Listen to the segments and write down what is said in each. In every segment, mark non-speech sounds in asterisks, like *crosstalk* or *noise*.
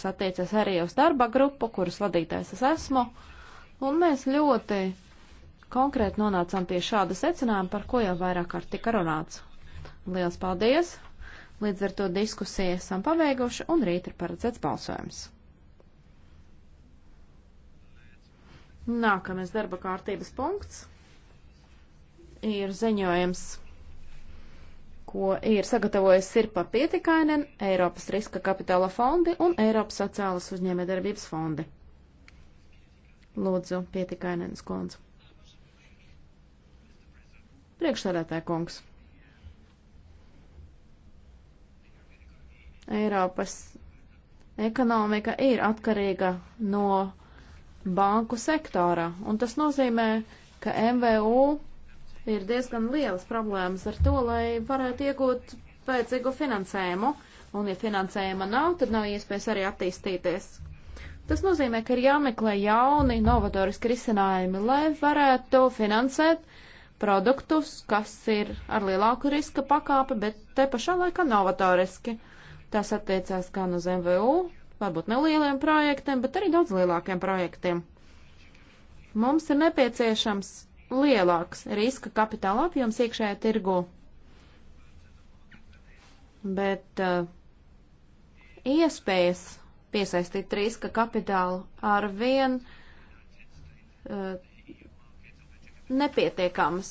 kas attiecas arī uz darba grupu, kuras vadītājs es esmu. Un mēs ļoti konkrēti nonācām pie šāda secinājuma, par ko jau vairāk kārt tika runāts. Lielas paldies! Līdz ar to diskusiju esam pabeiguši un rīt ir paredzēts balsojums. Nākamais darba kārtības punkts ir ziņojums ko ir sagatavojis Sirpa Pietikainen, Eiropas Riska kapitāla fondi un Eiropas sociālas uzņēmējdarbības fondi. Lūdzu, Pietikainenes kundze. Priekšsādātāja kungs. Eiropas ekonomika ir atkarīga no banku sektora, un tas nozīmē, ka MVU ir diezgan lielas problēmas ar to, lai varētu iegūt vajadzīgo finansējumu, un ja finansējuma nav, tad nav iespējas arī attīstīties. Tas nozīmē, ka ir jāmeklē jauni, novatoriski risinājumi, lai varētu finansēt produktus, kas ir ar lielāku riska pakāpi, bet te pašā laikā novatoriski. Tas attiecās gan uz MVU, varbūt nelieliem projektiem, bet arī daudz lielākiem projektiem. Mums ir nepieciešams lielāks riska kapitāla apjoms iekšējā tirgu, bet uh, iespējas piesaistīt riska kapitālu ar vien uh, nepietiekamas.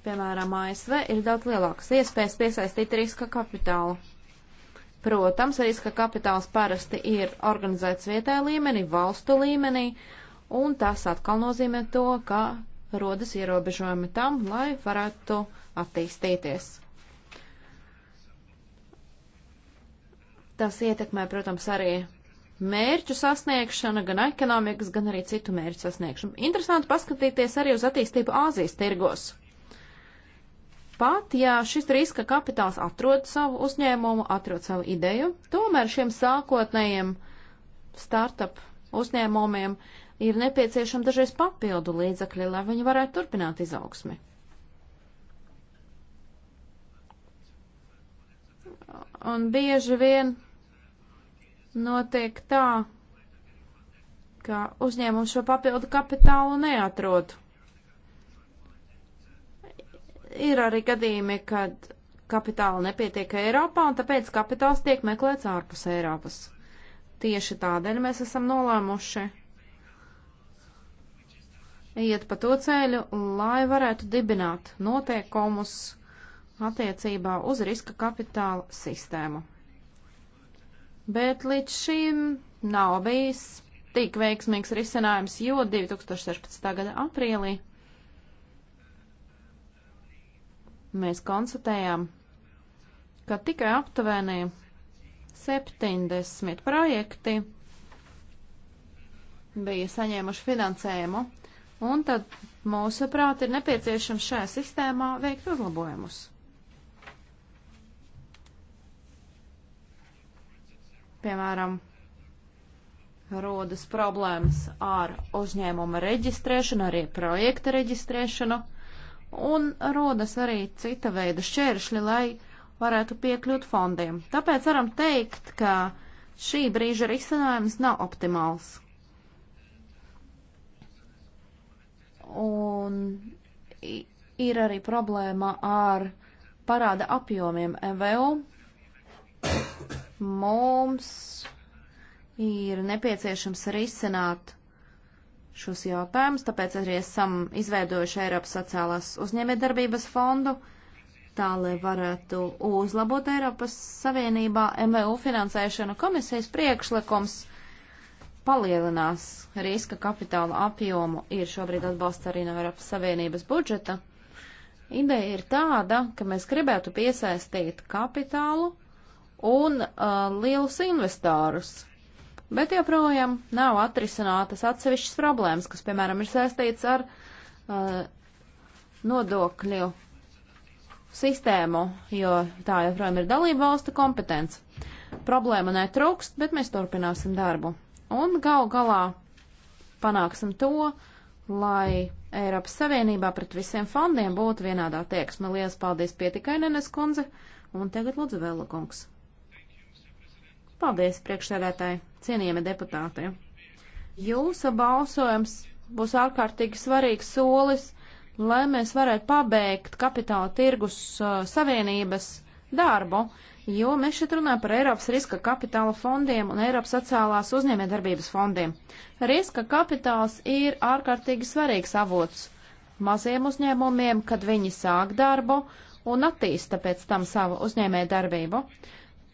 Piemēram, ASV ir daudz lielākas iespējas piesaistīt riska kapitālu. Protams, riska kapitāls parasti ir organizēts vietējā līmenī, valstu līmenī, uh, un tas atkal nozīmē to, ka rodas ierobežojumi tam, lai varētu attīstīties. Tas ietekmē, protams, arī mērķu sasniegšana, gan ekonomikas, gan arī citu mērķu sasniegšana. Interesanti paskatīties arī uz attīstību Āzijas tirgos. Pat, ja šis riska kapitāls atrod savu uzņēmumu, atrod savu ideju, tomēr šiem sākotnējiem startup uzņēmumiem ir nepieciešama dažreiz papildu līdzakļi, lai viņi varētu turpināt izaugsmi. Un bieži vien notiek tā, ka uzņēmums šo papildu kapitālu neatrod. Ir arī gadījumi, kad kapitāla nepietiek Eiropā, un tāpēc kapitāls tiek meklēts ārpus Eiropas. Tieši tādēļ mēs esam nolēmuši iet pa to ceļu, lai varētu dibināt noteikumus attiecībā uz riska kapitāla sistēmu. Bet līdz šim nav bijis tik veiksmīgs risinājums, jo 2016. gada aprīlī mēs konstatējām, ka tikai aptuveni 70 projekti bija saņēmuši finansējumu Un tad, mūsuprāt, ir nepieciešams šajā sistēmā veikt uzlabojumus. Piemēram, rodas problēmas ar uzņēmuma reģistrēšanu, arī projekta reģistrēšanu, un rodas arī cita veida šķēršļi, lai varētu piekļūt fondiem. Tāpēc varam teikt, ka šī brīža risinājums nav optimāls. Un ir arī problēma ar parāda apjomiem MVU. Mums ir nepieciešams risināt šos jautājumus, tāpēc arī esam izveidojuši Eiropas sociālās uzņēmējdarbības fondu, tā lai varētu uzlabot Eiropas Savienībā MVU finansēšanu komisijas priekšlikums palielinās riska kapitāla apjomu, ir šobrīd atbalsta arī no Eiropas Savienības budžeta. Ideja ir tāda, ka mēs gribētu piesaistīt kapitālu un uh, lielus investārus, bet joprojām nav atrisinātas atsevišķas problēmas, kas, piemēram, ir saistīts ar uh, nodokļu sistēmu, jo tā joprojām ir dalība valsta kompetence. Problēma netrūkst, bet mēs turpināsim darbu un gal galā panāksim to, lai Eiropas Savienībā pret visiem fondiem būtu vienādā tieksme. Lielas paldies pietikainenes kundze, un tagad lūdzu vēl kungs. Paldies, priekšsēdētāji, cienījami deputāti. Jūsu balsojums būs ārkārtīgi svarīgs solis, lai mēs varētu pabeigt kapitāla tirgus uh, savienības darbu jo mēs šeit runājam par Eiropas riska kapitāla fondiem un Eiropas sociālās uzņēmējdarbības fondiem. Riska kapitāls ir ārkārtīgi svarīgs avots maziem uzņēmumiem, kad viņi sāk darbu un attīsta pēc tam savu uzņēmējdarbību.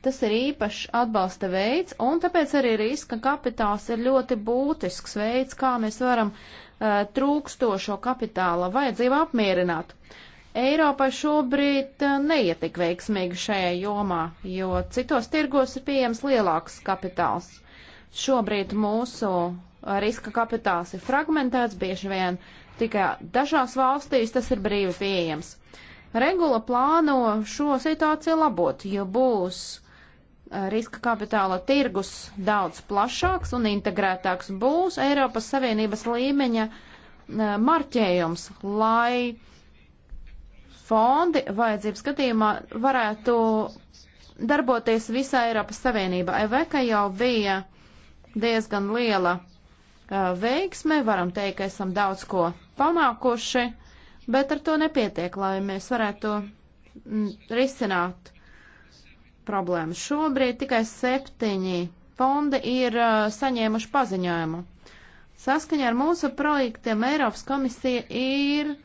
Tas ir īpašs atbalsta veids, un tāpēc arī riska kapitāls ir ļoti būtisks veids, kā mēs varam uh, trūkstošo kapitāla vajadzību apmierināt. Uh, Eiropai šobrīd eh, neietik veiksmīgi šajā jomā, jo citos tirgos ir pieejams lielāks kapitāls. Šobrīd mūsu eh, riska kapitāls ir fragmentēts, bieži vien tikai dažās valstīs tas ir brīvi pieejams. Regula plāno šo situāciju labot, jo būs eh, riska kapitāla tirgus daudz plašāks un integrētāks būs Eiropas Savienības līmeņa marķējums, lai uh, fondi vajadzības gadījumā varētu darboties visā Eiropas Savienībā. EVK jau bija diezgan liela uh, veiksme, varam teikt, ka esam daudz ko panākuši, bet ar to nepietiek, lai mēs varētu mm, risināt problēmas. Šobrīd tikai septiņi fondi ir uh, saņēmuši paziņojumu. Saskaņā ar mūsu projektiem Eiropas komisija ir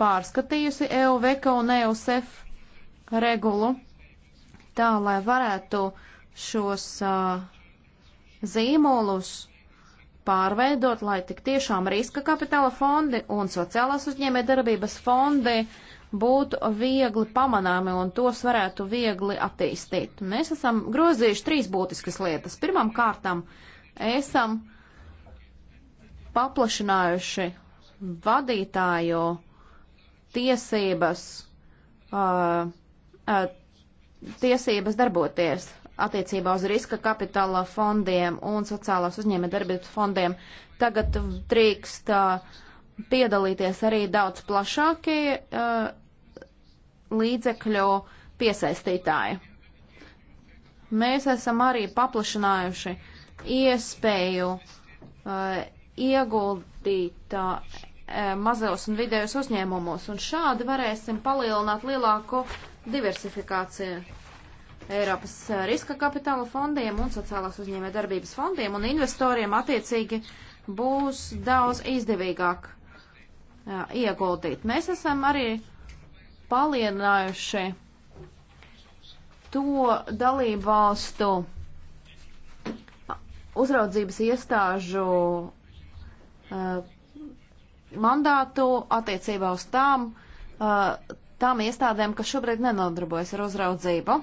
pārskatījusi EUVEKA un EUSEF regulu tā, lai varētu šos uh, zīmolus pārveidot, lai tik tiešām riska kapitāla fondi un sociālās uzņēmē darbības fondi būtu viegli pamanāmi un tos varētu viegli attīstīt. Mēs esam grozījuši trīs būtiskas lietas. Pirmam kārtam esam paplašinājuši vadītāju uh, tiesības, uh, uh, tiesības darboties attiecībā uz riska kapitāla fondiem un sociālās uzņēmē darbības fondiem. Tagad drīkst uh, piedalīties arī daudz plašākie uh, līdzekļu piesaistītāji. Mēs esam arī paplašinājuši iespēju uh, ieguldīt uh, E, mazos un vidējos uzņēmumos, un šādi varēsim palielināt lielāko diversifikāciju Eiropas e, riska kapitāla fondiem un sociālās uzņēmē darbības fondiem, un investoriem attiecīgi būs daudz izdevīgāk jā, e, ieguldīt. Mēs esam arī palielinājuši to dalību valstu uzraudzības iestāžu uh, mandātu attiecībā uz tām, uh, tām iestādēm, kas šobrīd nenodarbojas ar uzraudzību.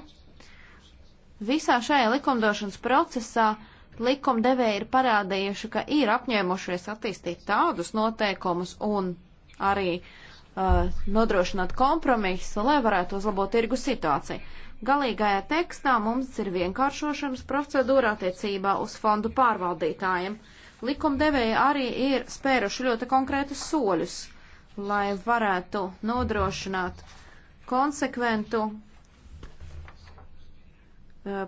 Visā šajā likumdošanas procesā likumdevēji ir parādījuši, ka ir apņēmušies attīstīt tādus noteikumus un arī uh, nodrošināt kompromisu, lai varētu uzlabot tirgu situāciju. Galīgajā tekstā mums ir vienkāršošanas procedūra attiecībā uz fondu pārvaldītājiem. Uh, likumdevēji arī ir spēruši ļoti konkrētus soļus, lai varētu nodrošināt konsekventu eh,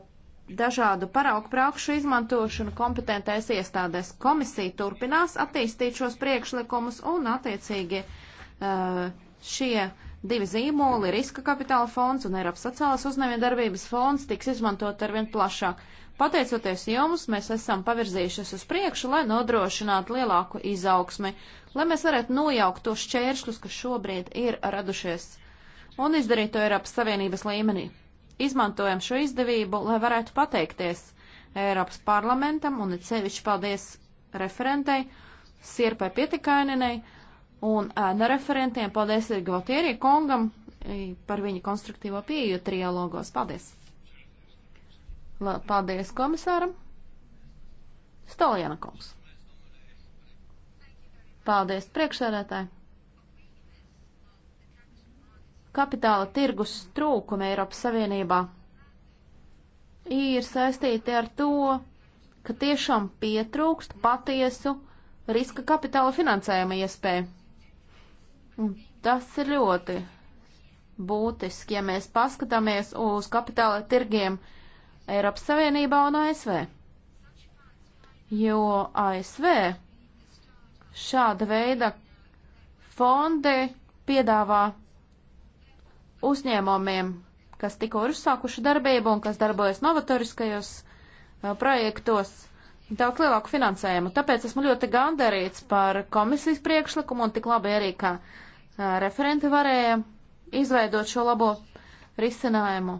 dažādu paraugu praukšu izmantošanu kompetentais iestādēs. Komisija turpinās attīstīt šos priekšlikumus un attiecīgi eh, šie divi zīmoli, riska kapitāla fonds un Eiropas sociālās uzņēmē darbības fonds tiks izmantot arvien plašāk. Pateicoties jums, mēs esam pavirzījušies uz priekšu, lai nodrošinātu lielāku izaugsmi, lai mēs varētu nojaukt tos šķēršļus, kas šobrīd ir radušies, un izdarīt to Eiropas Savienības līmenī. Izmantojam šo izdevību, lai varētu pateikties Eiropas parlamentam un cevišķi paldies referentei Sirpai Pietikainenei un ēna referentiem. Paldies ir Gvaltierī kongam par viņa konstruktīvo pieeju trialogos. Paldies! La, paldies komisāram. Stoljana kungs. Paldies priekšsēdētāji. Kapitāla tirgus trūkumi Eiropas Savienībā ir saistīti ar to, ka tiešām pietrūkst patiesu riska kapitāla finansējuma iespēju. Un tas ir ļoti būtiski, ja mēs paskatāmies uz kapitāla tirgiem uh, Eiropas Savienībā un ASV. Jo ASV šāda veida fondi piedāvā uzņēmumiem, kas tikko ir uzsākuši darbību un kas darbojas novatoriskajos eh, projektos, daudz lielāku finansējumu. Tāpēc esmu ļoti gandarīts par komisijas priekšlikumu un tik labi arī, ka eh, referenti varēja izveidot šo labo risinājumu.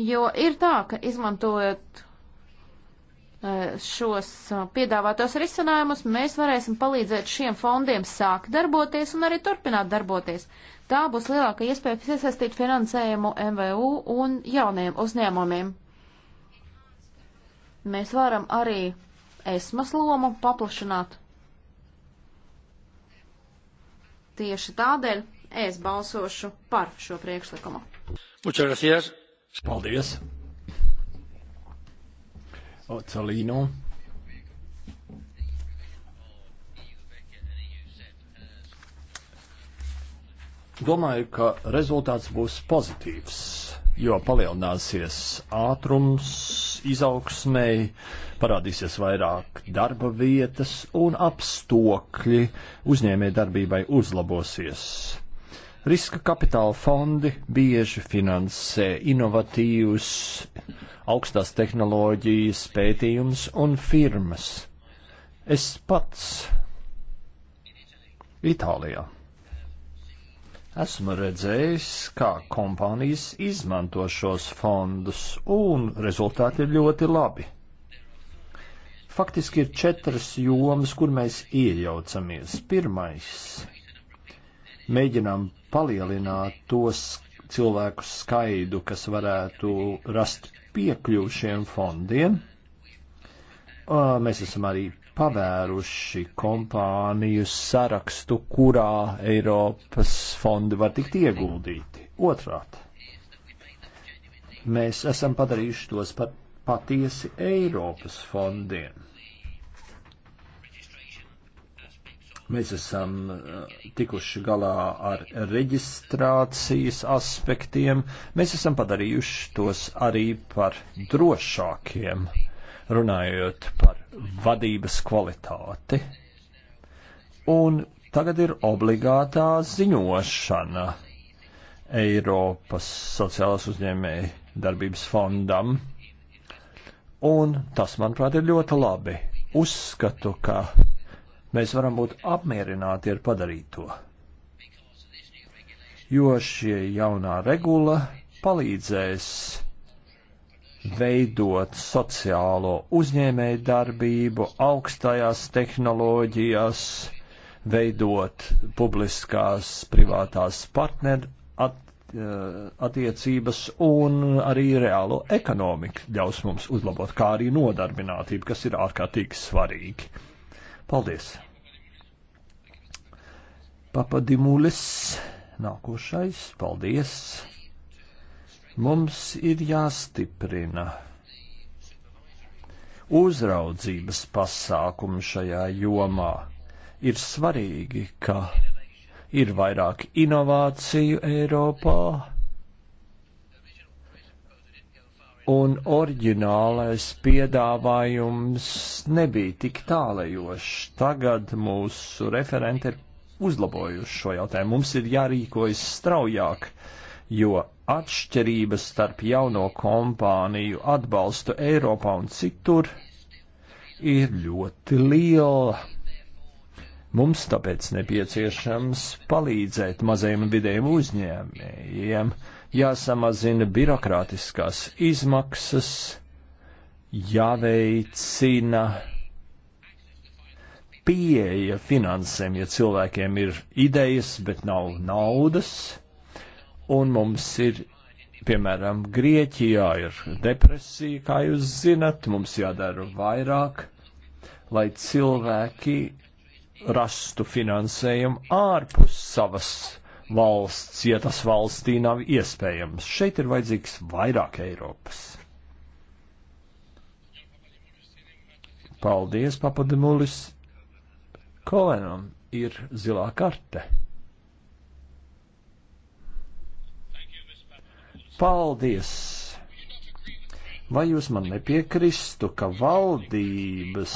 Jo ir tā, ka izmantojot e, šos e, piedāvātos risinājumus, mēs varēsim palīdzēt šiem fondiem sākt darboties un arī turpināt darboties. Tā būs lielāka iespēja piesaistīt finansējumu MVU un jauniem uzņēmumiem. Mēs varam arī esmas lomu paplašināt. Tieši tādēļ es balsošu par šo priekšlikumu. Muchas gracias. Paldies! Ocelīnu. Domāju, ka rezultāts būs pozitīvs, jo palielināsies ātrums izaugsmēji, parādīsies vairāk darba vietas un apstākļi uzņēmē darbībai uzlabosies. Riska kapitāla fondi bieži finansē inovatīvus, augstās tehnoloģijas pētījums un firmas. Es pats Itālijā esmu redzējis, kā kompānijas izmanto šos fondus, un rezultāti ir ļoti labi. Faktiski ir četras jomas, kur mēs iejaucamies. Pirmais mēģinām palielināt tos cilvēku skaidu, kas varētu rast piekļuvu šiem fondiem. Mēs esam arī pavēruši kompāniju sarakstu, kurā Eiropas fondi var tikt ieguldīti. Otrāt, mēs esam padarījuši tos par patiesi Eiropas fondiem. Mēs esam eh, tikuši galā ar reģistrācijas aspektiem. Mēs esam padarījuši tos arī par drošākiem, runājot par vadības kvalitāti. Un tagad ir obligātā ziņošana Eiropas sociālās uzņēmēja darbības fondam. Un tas, manuprāt, ir ļoti labi. Uzskatu, ka Mēs varam būt apmierināti ar padarīto, jo šie jaunā regula palīdzēs veidot sociālo uzņēmēju darbību augstajās tehnoloģijās, veidot publiskās privātās partneru at, eh, attiecības un arī reālo ekonomiku ļaus mums uzlabot, kā arī nodarbinātību, kas ir ārkārtīgi svarīgi. Paldies! Papadimulis nākošais. Paldies! Mums ir jāstiprina uzraudzības pasākumi šajā jomā. Ir svarīgi, ka ir vairāk inovāciju Eiropā un oriģinālais piedāvājums nebija tik tālajošs. Tagad mūsu referenti ir uzlabojuši šo jautājumu. Mums ir jārīkojas straujāk, jo atšķirības starp jauno kompāniju atbalstu Eiropā un citur ir ļoti liela. Mums tāpēc nepieciešams palīdzēt mazajiem un vidējiem uzņēmējiem. Ja jāsamazina birokrātiskās izmaksas, jāveicina pieeja finansēm, ja cilvēkiem ir idejas, bet nav naudas, un mums ir, piemēram, Grieķijā ir depresija, kā jūs zinat, mums jādara vairāk, lai cilvēki rastu finansējumu ārpus savas valsts, ja tas valstī nav iespējams. Šeit ir vajadzīgs vairāk Eiropas. Paldies, papadimulis. Kolenam ir zilā karte. Paldies! Vai jūs man nepiekristu, ka valdības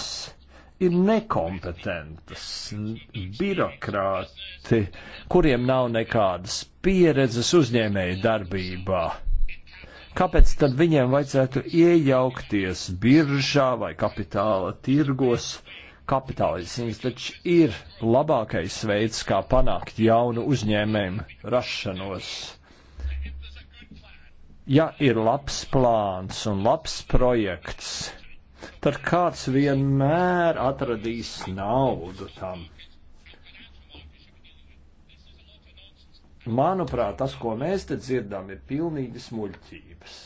ir nekompetentas, birokrāti, kuriem nav nekādas pieredzes uzņēmēju darbībā. Kāpēc tad viņiem vajadzētu iejaukties biržā vai kapitāla tirgos? Kapitālisms taču ir labākais veids, kā panākt jaunu uzņēmējumu rašanos. Ja ir labs plāns un labs projekts, tad kāds vienmēr atradīs naudu tam. Manuprāt, tas, ko mēs te dzirdam, ir pilnīgi smuļķības.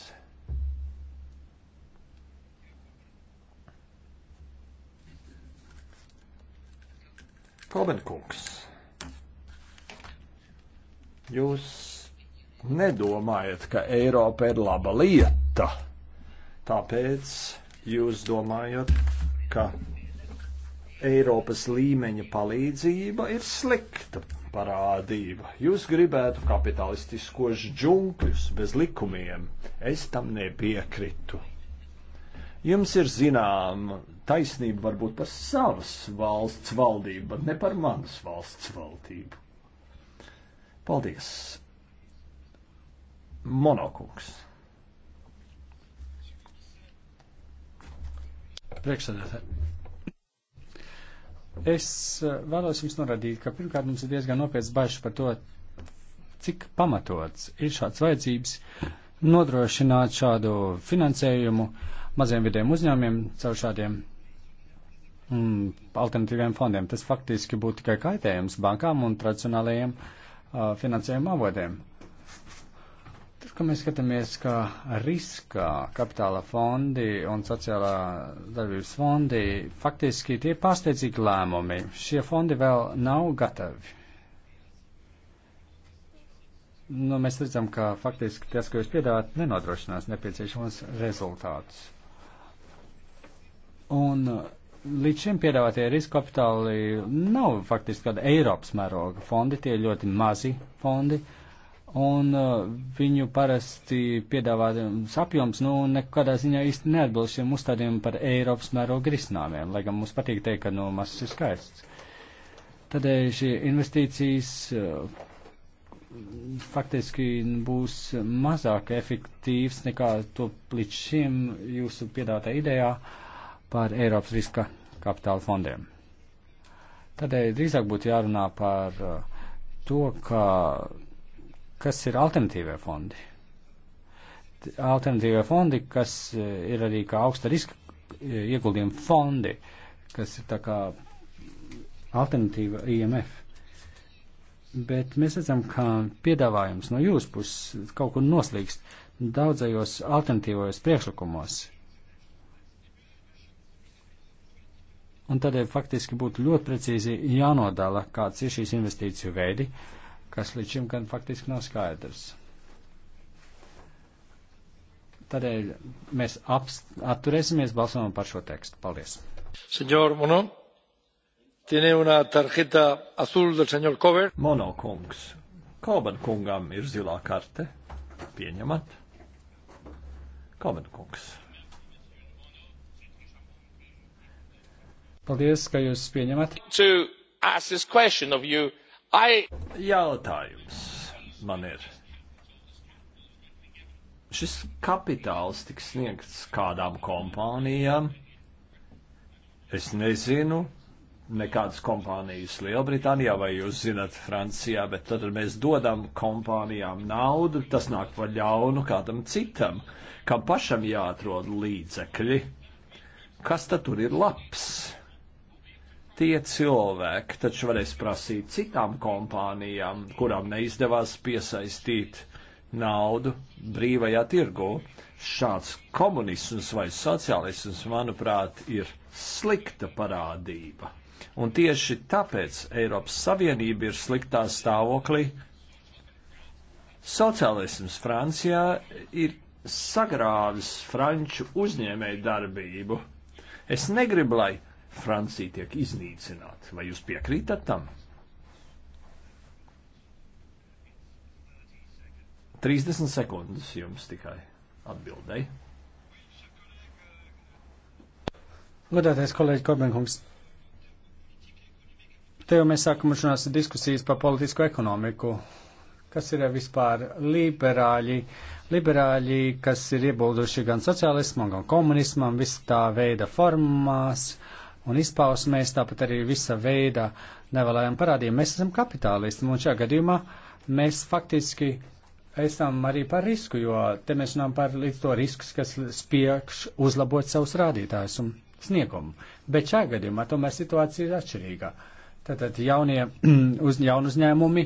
Komenkungs, jūs nedomājat, ka Eiropa ir laba lieta, tāpēc jūs domājat, ka Eiropas līmeņa palīdzība ir slikta parādība. Jūs gribētu kapitalistiskos džungļus bez likumiem. Es tam nepiekritu. Jums ir zināma taisnība varbūt par savas valsts valdību, bet ne par manas valsts valdību. Paldies! Monokungs. Priekšsēdētāji. Es eh, vēlos jums norādīt, ka pirmkārt mums ir diezgan nopietns bažas par to, cik pamatots ir šāds vajadzības nodrošināt šādu finansējumu maziem vidiem uzņēmiem caur šādiem mm, alternatīviem fondiem. Tas faktiski būtu tikai kaitējums bankām un tradicionālajiem uh, finansējuma avotiem ka mēs skatāmies, ka riskā kapitāla fondi un sociālā darbības fondi faktiski tie ir pārsteidzīgi lēmumi. Šie fondi vēl nav gatavi. Nu, mēs redzam, ka faktiski tas, ko jūs piedāvājat, nenodrošinās nepieciešamos rezultātus. Un līdz šim piedāvātie riska kapitāli nav faktiski kāda Eiropas mēroga fondi, tie ir ļoti mazi fondi. Uh, un uh, viņu parasti piedāvātums um, apjoms, nu, nekādā ziņā īsti neatbilst šiem uzstādījumiem par Eiropas mērogu risinājumiem, lai gan mums patīk teikt, ka no nu, mazas ir skaists. Tādēļ šī investīcijas uh, faktiski būs mazāk efektīvs nekā to līdz šim jūsu piedātā idejā par Eiropas riska kapitāla fondiem. Tādēļ drīzāk būtu jārunā par uh, to, ka Kas ir alternatīvie fondi? Alternatīvie fondi, kas e, ir arī kā augsta riska e, ieguldījuma fondi, kas ir tā kā alternatīva IMF. Bet mēs redzam, ka piedāvājums no jūsu puses kaut kur noslīgst daudzajos alternatīvajos priekšlikumos. Un tādēļ faktiski būtu ļoti precīzi jānodala, kāds ir šīs investīciju veidi, uh, kas līdz šim gan faktiski nav skaidrs. Tādēļ mēs atturēsimies balsojumā par šo tekstu. Paldies. Senor Mono, tiene una tarjeta azul del senor Cover. Mono kungs, Koban kungam ir zilā karte. Pieņemat. Koban kungs. Paldies, ka jūs pieņemat. To ask this question of you I... Jautājums man ir. Šis kapitāls tiks sniegts kādām kompānijām? Es nezinu, nekādas kompānijas Lielbritānijā vai jūs zinat Francijā, bet tad mēs dodam kompānijām naudu, tas nāk par ļaunu kādam citam, kam pašam jāatrod līdzekļi. Kas tad tur ir labs? tie cilvēki taču varēs prasīt citām kompānijām, kurām neizdevās piesaistīt naudu brīvajā tirgu. Šāds komunisms vai sociālisms, manuprāt, ir slikta parādība. Un tieši tāpēc Eiropas Savienība ir sliktā stāvoklī. Sociālisms Francijā ir sagrāvis franču uzņēmēju darbību. Es negribu, lai Francija tiek iznīcināta. Vai jūs piekrītat tam? 30 sekundes jums tikai atbildēji. Godātais kolēģi Kobenkungs, te jau mēs sākam runāt diskusijas par politisko ekonomiku. Kas ir vispār liberāļi? Liberāļi, kas ir iebūduši gan sociālismam, gan komunismam, visu tā veida formās. Uh, un izpausmēs, tāpat arī visa veida nevēlējām parādījumiem. Mēs esam kapitālisti, un šajā gadījumā mēs faktiski esam arī par risku, jo te mēs runājam par līdz to risks, kas spiekš uzlabot savus rādītājus un sniegumu. Bet šajā gadījumā tomēr situācija ir atšķirīga. Tātad jaunie *clears throat* uz, jaunu uzņēmumi,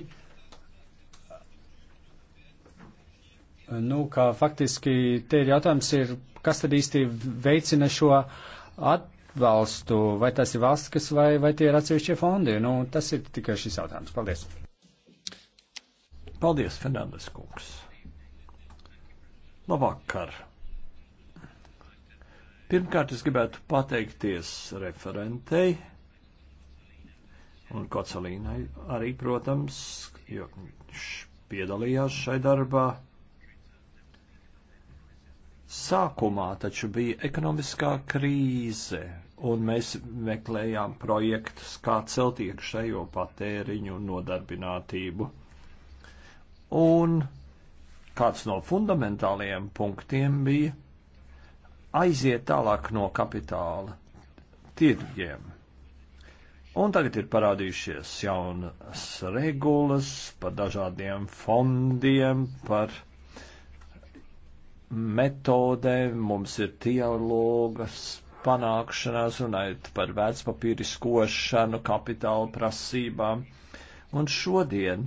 nu, kā faktiski te ir jautājums, ir, kas tad īsti veicina šo at, valstu, vai tas ir valsts, kas vai, vai tie ir atsevišķie fondi. Nu, tas ir tikai šis jautājums. Paldies. Paldies, Fernandes kungs. Labvakar. Pirmkārt, es gribētu pateikties referentei un Kocelīnai arī, protams, jo viņš piedalījās šai darbā. Sākumā taču bija ekonomiskā krīze, un mēs meklējām projektus, kā celt iekšējo patēriņu un nodarbinātību. Un kāds no fundamentālajiem punktiem bija aiziet tālāk no kapitāla tirgiem. Un tagad ir parādījušies jaunas regulas par dažādiem fondiem, par metodēm, mums ir dialogas panākšanās, runājot par vecpapīri skošanu, kapitāla prasībām. Un šodien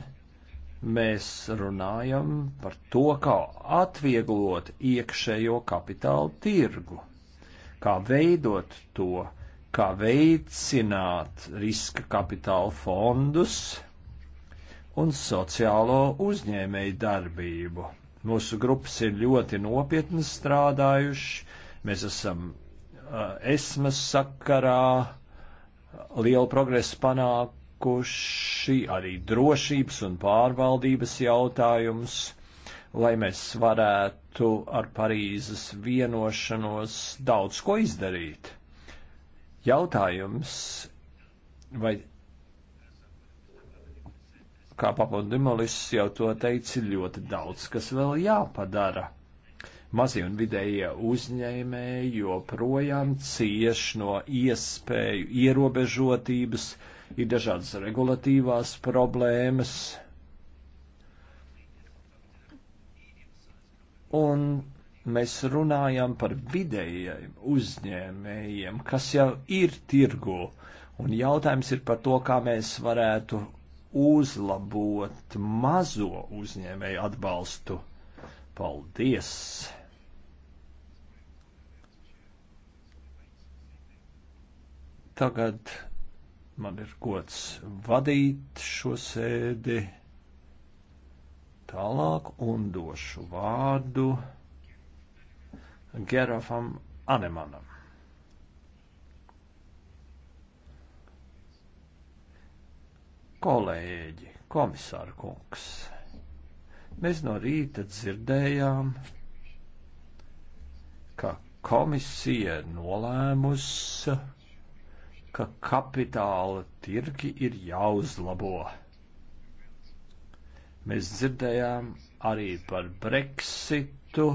mēs runājam par to, kā atvieglot iekšējo kapitāla tirgu, kā veidot to, kā veicināt riska kapitāla fondus un sociālo uzņēmēju darbību. Mūsu grupas ir ļoti nopietni strādājuši, mēs esam Uh, esmas sakarā lielu progresu panākuši arī drošības un pārvaldības jautājums, lai mēs varētu ar Parīzes vienošanos daudz ko izdarīt. Jautājums, vai kā papildinolis jau to teica, ļoti daudz, kas vēl jāpadara mazie un vidējie uzņēmēji joprojām cieš no iespēju ierobežotības, ir dažādas regulatīvās problēmas. Un mēs runājam par vidējiem uzņēmējiem, kas jau ir tirgu, un jautājums ir par to, kā mēs varētu uzlabot mazo uzņēmēju atbalstu Paldies! Tagad man ir gods vadīt šo sēdi tālāk un došu vārdu Gerafam Anemanam. Kolēģi, komisāra kungs. Mēs no rīta dzirdējām, ka komisija nolēmusi, ka kapitāla tirgi ir jāuzlabo. Mēs dzirdējām arī par Brexitu,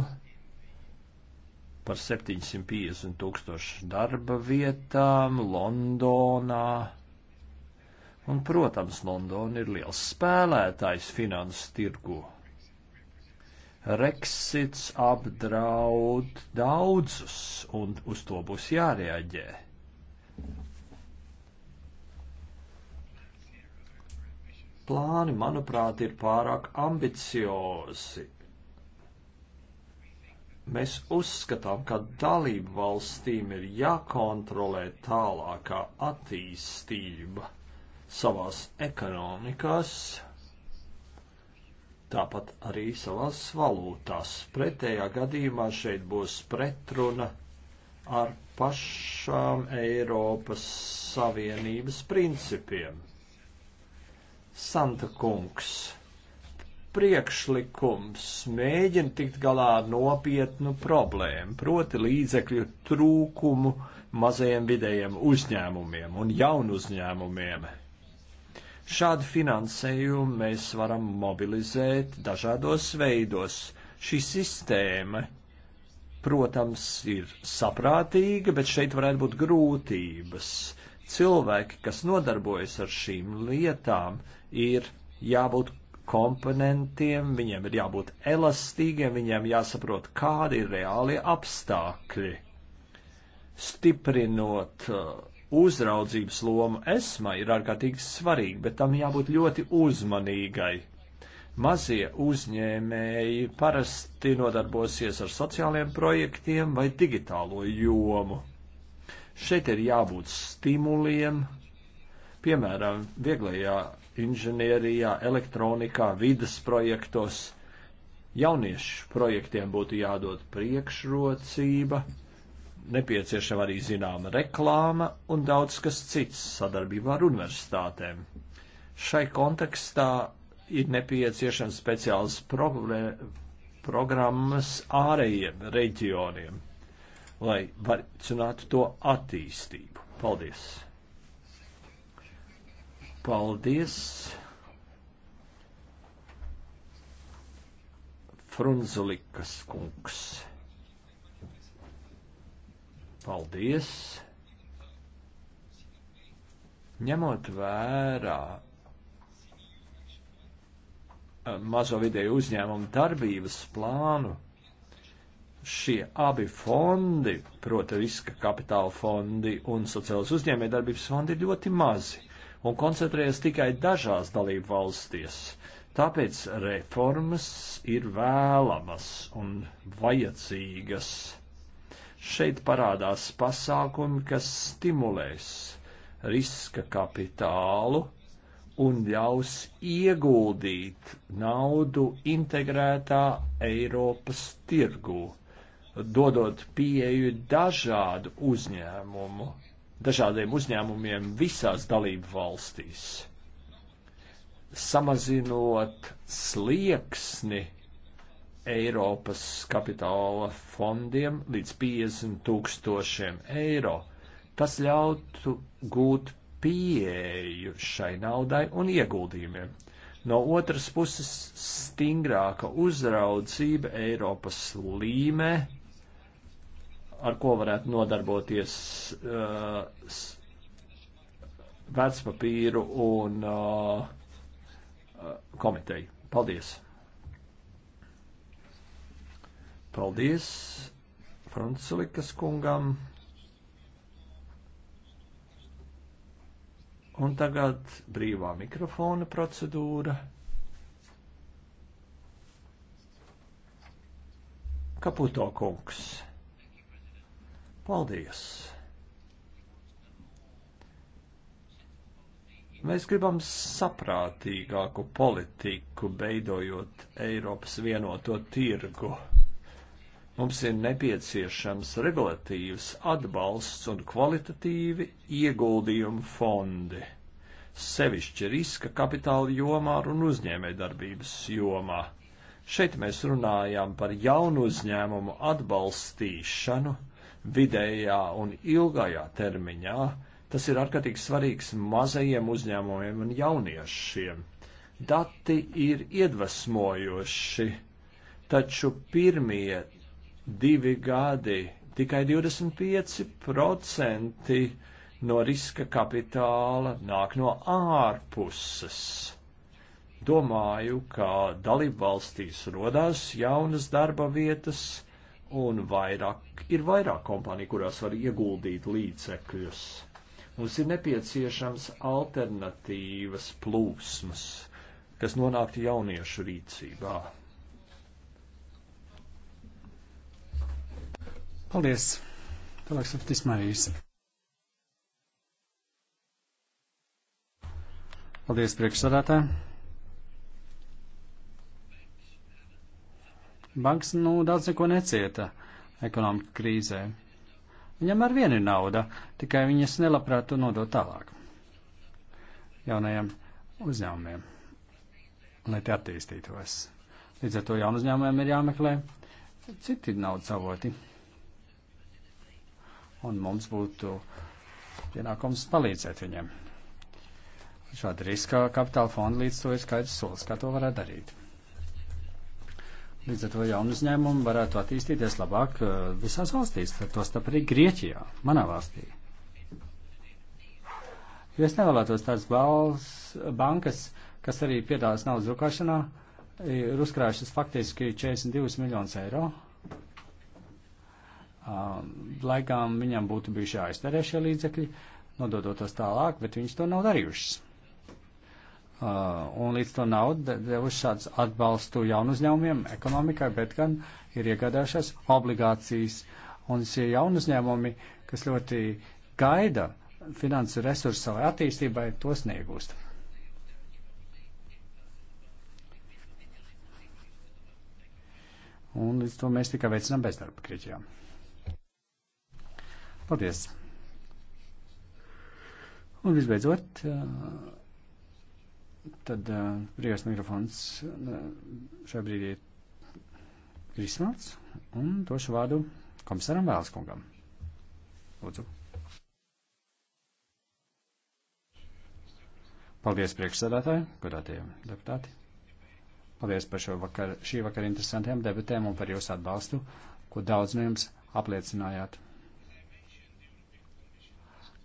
par 750 tūkstošu darba vietām Londonā. Un, protams, Londona ir liels spēlētājs finanses tirgu. Reksits apdraud daudzus, un uz to būs jārēģē. Plāni, manuprāt, ir pārāk ambiciozi. Mēs uzskatām, ka dalību valstīm ir jākontrolē tālākā attīstība savās ekonomikās tāpat arī savās valūtās. Pretējā gadījumā šeit būs pretruna ar pašām Eiropas Savienības principiem. Santa kungs, priekšlikums mēģina tikt galā ar nopietnu problēmu, proti līdzekļu trūkumu mazajiem vidējiem uzņēmumiem un jaunu uzņēmumiem Šādu finansējumu mēs varam mobilizēt dažādos veidos. Šī sistēma, protams, ir saprātīga, bet šeit varētu būt grūtības. Cilvēki, kas nodarbojas ar šīm lietām, ir jābūt komponentiem, viņiem ir jābūt elastīgiem, viņiem jāsaprot, kādi ir reālie apstākļi. Stiprinot uh, uzraudzības loma esma ir ārkārtīgi svarīga, bet tam jābūt ļoti uzmanīgai. Mazie uzņēmēji parasti nodarbosies ar sociāliem projektiem vai digitālo jomu. Šeit ir jābūt stimuliem, piemēram, vieglajā inženierijā, elektronikā, vidas projektos. Jauniešu projektiem būtu jādod priekšrocība nepieciešama arī zināma reklāma un daudz kas cits sadarbībā ar universitātēm. Šai kontekstā ir nepieciešams speciāls problē, programmas ārējiem reģioniem, lai varicinātu to attīstību. Paldies! Paldies! Frunzulikas kungs. Paldies! Ņemot vērā eh, mazo vidēju uzņēmumu darbības plānu, šie abi fondi, proti riska kapitāla fondi un sociālas uzņēmējdarbības fondi, ir ļoti mazi un koncentrējas tikai dažās dalību valstīs. Tāpēc reformas ir vēlamas un vajadzīgas Šeit parādās pasākumi, kas stimulēs riska kapitālu un ļaus ieguldīt naudu integrētā Eiropas tirgū, dodot pieeju dažādu uzņēmumu, dažādiem uzņēmumiem visās dalību valstīs, samazinot slieksni Eiropas kapitāla fondiem līdz 50 tūkstošiem eiro. Tas ļautu gūt pieeju šai naudai un ieguldījumiem. No otras puses, stingrāka uzraudzība Eiropas līmē, ar ko varētu nodarboties uh, vecpapīru un uh, uh komiteju. Paldies! Paldies Francilikas kungam. Un tagad brīvā mikrofona procedūra. Kaputo kungs. Paldies! Mēs gribam saprātīgāku politiku, beidojot Eiropas vienoto tirgu. Mums ir nepieciešams regulatīvs atbalsts un kvalitatīvi ieguldījumu fondi, sevišķi riska kapitāla jomā un uzņēmējdarbības jomā. Šeit mēs runājam par jaunu uzņēmumu atbalstīšanu vidējā un ilgajā termiņā. Tas ir ārkārtīgi svarīgs mazajiem uzņēmumiem un jauniešiem. Dati ir iedvesmojoši, taču pirmie divi gadi tikai 25% no riska kapitāla nāk no ārpuses. Domāju, ka dalībvalstīs rodās jaunas darba vietas un vairāk, ir vairāk kompāniju, kurās var ieguldīt līdzekļus. Mums ir nepieciešams alternatīvas plūsmas, kas nonāktu jauniešu rīcībā. Paldies! Tālāk sapt Ismails. Paldies priekšsādātā. Banks, nu, daudz neko necieta ekonomika krīzē. Viņam ar vienu ir nauda, tikai viņas nelabprāt to nodot tālāk jaunajiem uzņēmumiem, lai tie attīstītos. Līdz ar to jaunu uzņēmumiem ir jāmeklē citi naudas avoti un mums būtu pienākums palīdzēt viņiem. Šāda riska kapitāla fonda līdz to ir skaidrs solis, kā to varētu darīt. Līdz ar to jaunu uzņēmumu varētu attīstīties labāk uh, visās valstīs, tostarp arī Grieķijā, manā valstī. Jo es nevēlētos tādas balss, bankas, kas arī piedalās naudas drukāšanā, ir uzkrājušas faktiski 42 miljonus eiro Um, laikam viņam būtu bijuši jāizterē šie līdzekļi, nododot tos tālāk, bet viņš to nav darījušas. Uh, un līdz to nav devuši šāds atbalstu jaunu uzņēmumiem, ekonomikai, bet gan ir iegādājušās obligācijas. Un šie jaunu uzņēmumi, kas ļoti gaida finansu resursu savai attīstībai, tos neiegūst. Un līdz to mēs tikai veicinām bezdarba Grieķijā. Paldies! Un visbeidzot, tad brīvais mikrofons šajā brīdī ir Krismāts un došu vārdu komisaram Vēlskungam. Lūdzu. Paldies priekšsēdētāji, godātie deputāti. Paldies par šo vakar, šī vakara interesantiem debatēm un par jūsu atbalstu, ko daudz no jums apliecinājāt.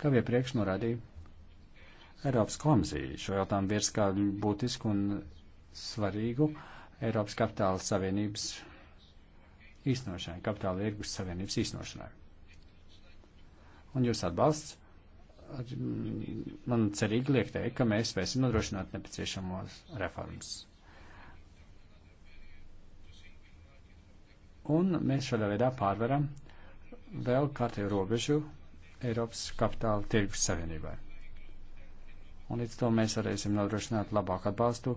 Kā jau iepriekš norādīju, Eiropas komisija šo jautājumu virs kā būtisku un svarīgu Eiropas kapitāla savienības īstenošanai, kapitāla tirgus savienības īstenošanai. Un jūs atbalsts man cerīgi liek teikt, ka mēs spēsim nodrošināt nepieciešamos reformas. Un mēs šādā veidā pārvaram vēl kārtēju robežu Eiropas kapitāla tirgus savienībai. Un līdz to mēs varēsim nodrošināt labāku atbalstu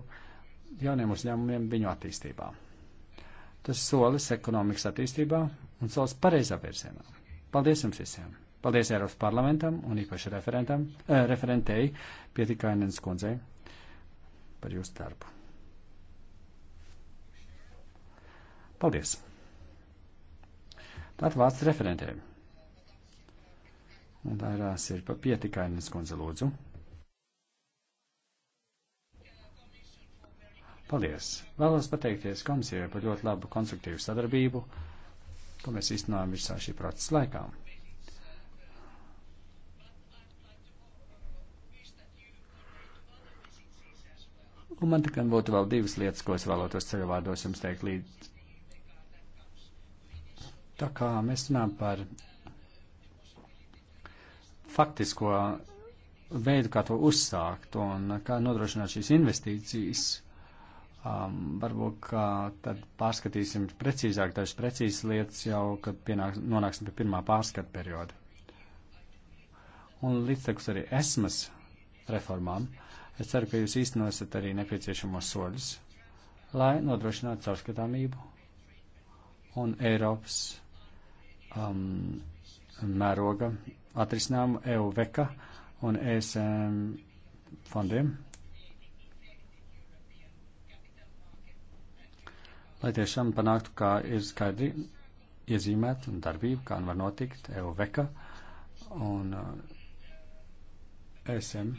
jauniem uzņēmumiem viņu attīstībā. Tas solis ekonomikas attīstībā un solis pareizā virzienā. Paldies jums visiem! Paldies Eiropas parlamentam un īpaši referentam, eh, referentei Pietikainens kundzei par jūsu darbu. Paldies! Tātad vārds referentēm. Vairās ir pa pietikainas kundze lūdzu. Paldies! Vēlos pateikties komisijai par ļoti labu konstruktīvu sadarbību, ko mēs īstenojam visā šī procesa laikā. Un man tikai būtu vēl divas lietas, ko es vēlētos ceļu vārdos jums teikt līdz. Tā kā mēs runājam par faktisko veidu, kā to uzsākt un kā nodrošināt šīs investīcijas. Um, varbūt, ka tad pārskatīsim precīzāk dažas precīzas lietas jau, kad pienāks, nonāksim pie pirmā pārskata perioda. Un līdztekus arī esmas reformām. Es ceru, ka jūs īstenosiet arī nepieciešamos soļus, lai nodrošinātu caurskatāmību un Eiropas um, mēroga atrisinājumu EU veka un ESM fondiem. Lai tiešām panāktu, kā ir skaidri iezīmēt un darbību, kā nu var notikt EU veka un uh, ESM